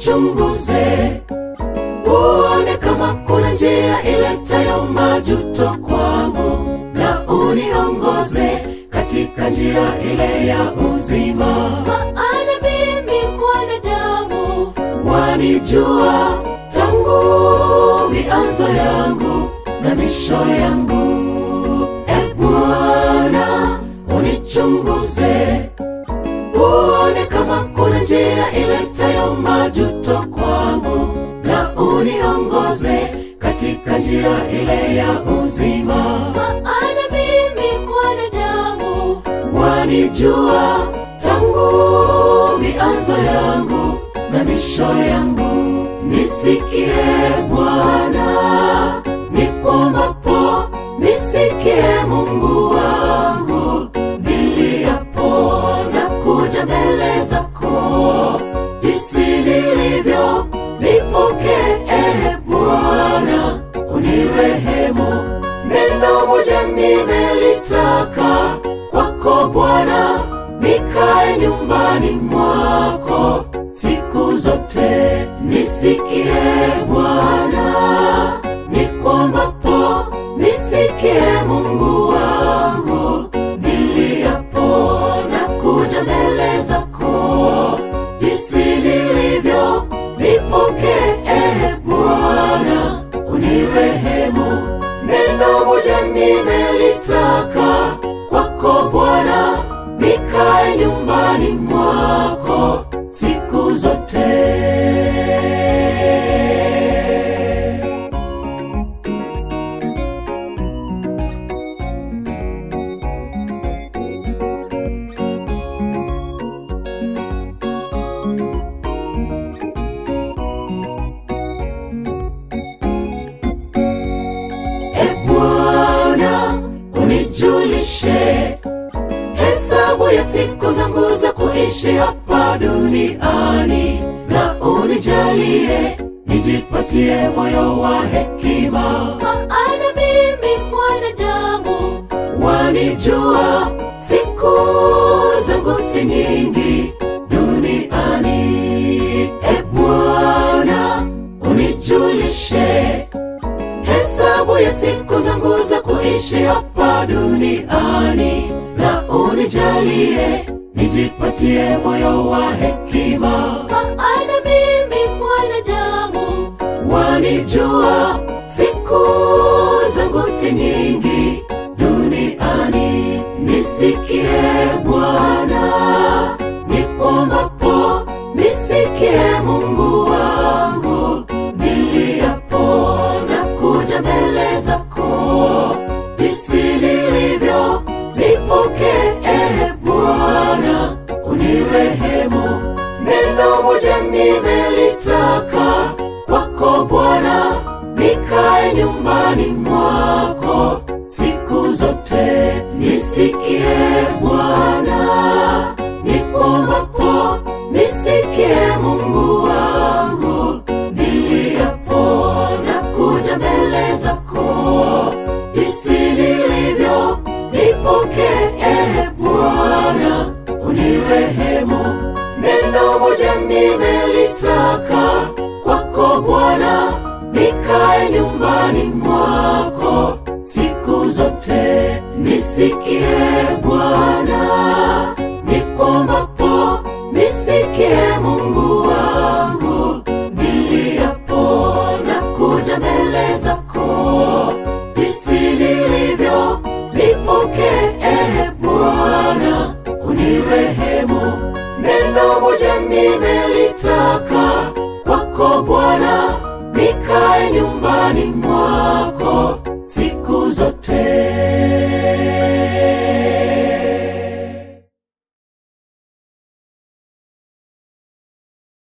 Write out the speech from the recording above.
uchunguze, uone kama kuna njia iletayo majuto kwangu, na uniongoze katika njia ile ya uzima, maana mimi mwanadamu. Wanijua tangu mianzo yangu na misho yangu. E Bwana, unichunguze uone kama kuna njia iletayo majuto kwangu, na uniongoze katika njia ile ya uzima, maana mimi mwanadamu, wanijua tangu mianzo yangu na misho yangu. Nisikie Bwana, nikomapo, nisikie Mungu wangu, niliapo na kuja mbele zako moja nimelitaka kwako Bwana, nikae nyumbani mwako siku zote, nisikie Bwana moja nimelitaka siku zangu za kuishi hapa duniani, na unijalie nijipatie moyo wa hekima, maana mimi mwanadamu wanijua, siku zangu si nyingi duniani. E Bwana, unijulishe hesabu ya siku zangu za kuishi hapa duniani unijalie nijipatie moyo wa hekima, maana mimi mwanadamu. Wanijua siku zangu si nyingi duniani. Nisikie Bwana, nikombapo, nisikie Mungu. neno moja nimelitaka kwako Bwana, nikae nyumbani mwako siku zote. Nisikie Bwana nikomapo nisikie Mungu wangu niliyapo na kuja mbele zako moja nimelitaka kwako Bwana, nikae nyumbani mwako siku zote, nisikie Bwana. Neno moja nimelitaka kwako Bwana, nikae nyumbani mwako siku zote.